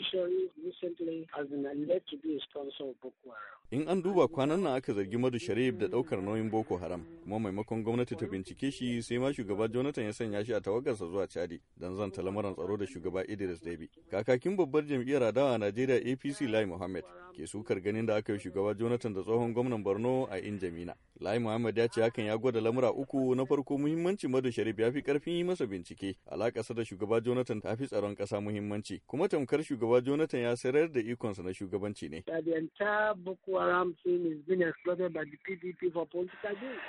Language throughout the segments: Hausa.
judiciary recently has been alleged to be a sponsor of Boko Haram. In an duba kwanan nan aka zargi Madu Sharif da ɗaukar nauyin Boko Haram, kuma maimakon gwamnati ta bincike shi sai ma shugaba Jonathan ya sanya shi a tawagarsa zuwa Chadi dan zanta lamarin tsaro da shugaba Idris Deby. Kakakin babbar jam'iyyar adawa a Najeriya APC Lai Mohammed ke sukar ganin da aka yi shugaba Jonathan da tsohon gwamnan Borno a Injamina. Lai Muhammad ya ce hakan ya gwada lamura uku na farko muhimmanci Madu Sharif ya fi karfin yi masa bincike. sa da shugaba Jonathan ta fi tsaron ƙasa muhimmanci. Kuma tamkar shugaba Jonathan ya sayar da ikonsa na shugabanci ne.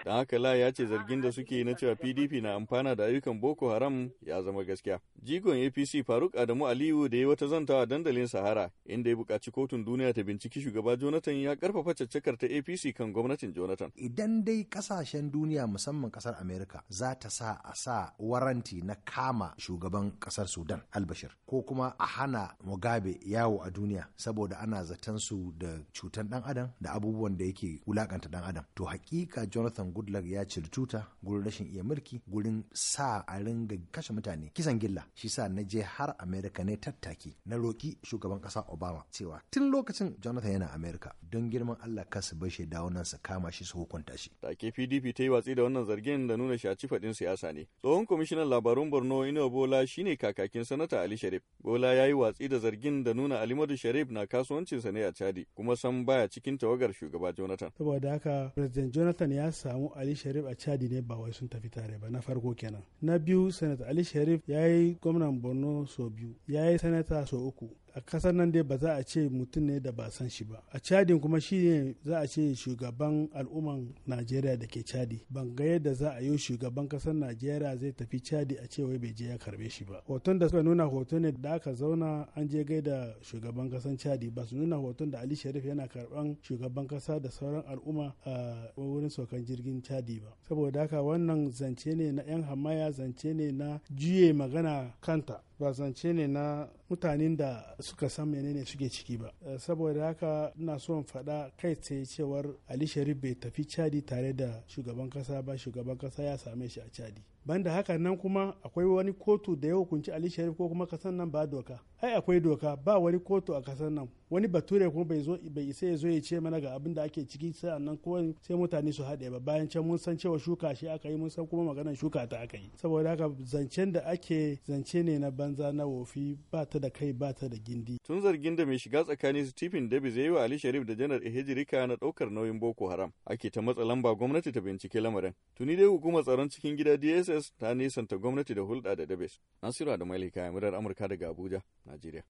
Don haka Lai ya ce zargin da suke na cewa PDP na amfana da ayyukan Boko Haram ya zama gaskiya. jigon apc faruk adamu aliyu da ya wata zanta a dandalin sahara inda ya buƙaci kotun duniya ta binciki shugaba jonathan ya karfafa caccakar ta apc kan gwamnatin jonathan idan dai kasashen duniya musamman kasar america za ta sa a sa waranti na kama shugaban kasar sudan albashir ko kuma a hana mugabe yawo a duniya saboda ana zaton su da cutar dan adam da abubuwan da yake wulakanta dan adam to hakika jonathan goodluck ya tuta gurin rashin iya mulki gurin sa a ringa kashe mutane kisan gilla shi sa na je har america ne tattaki na roki shugaban kasa obama cewa tun lokacin jonathan yana america don girman allah su bai shi dawo nan su kama shi su hukunta shi take pdp ta yi watsi da wannan zargin da nuna shaci faɗin siyasa ne tsohon kwamishinan labarun borno ino bola shine kakakin sanata ali sharif bola ya yi watsi da zargin da nuna alimadu sharif na kasuwancinsa ne a chadi kuma san baya cikin tawagar shugaba jonathan saboda haka president jonathan ya samu ali sharif a chadi ne ba wai sun tafi tare ba na farko kenan na biyu sanata ali sharif ya yi gwamnan borno sau biyu ya yi sanata sau uku a kasar nan dai ba za a ce mutum ne da ba san shi ba a cadin kuma shi ne za a ce shugaban al'umman najeriya da ke cadi ban ga yadda za a yi shugaban kasar najeriya zai tafi cadi a ce wai bai je ya karbe shi ba hoton da suka nuna hoto ne da aka zauna an je da shugaban kasar cadi ba su nuna hoton da ali sharif yana karban shugaban kasa da sauran al'umma a wurin sokan jirgin cadi ba saboda haka wannan zance ne na yan hamaya zance ne na juye magana kanta ba zance ne na mutanen da suka san menene suke ciki ba eh, saboda haka ina son faɗa kai tsaye cewar ali sharif bai tafi cadi tare da shugaban kasa ba shugaban kasa ya same shi a cadi banda haka nan kuma akwai wani kotu da ya hukunci ali sharif ko kuma kasan nan ba doka ai akwai doka ba wani kotu a kasan nan wani bature kuma bai zo bai isa ya zo ya ce mana ga abin da ake ciki sai annan ko sai mutane su haɗe ba bayan can mun san cewa shuka shi aka yi mun san kuma maganar shuka ta aka yi saboda haka zancen da ake zance ne na banza na wofi ba ta da kai ba ta da gindi tun zargin da mai shiga tsakanin Stephen dabi zai yi wa Ali Sharif da Janar hijirika na ɗaukar nauyin Boko Haram ake ta matsalan ba gwamnati ta bincike lamarin tuni dai hukumar tsaron cikin gida ds Reuters ta nisanta gwamnati da hulɗa da Dabes. Nasiru da Malika, murar Amurka daga Abuja, Najeriya.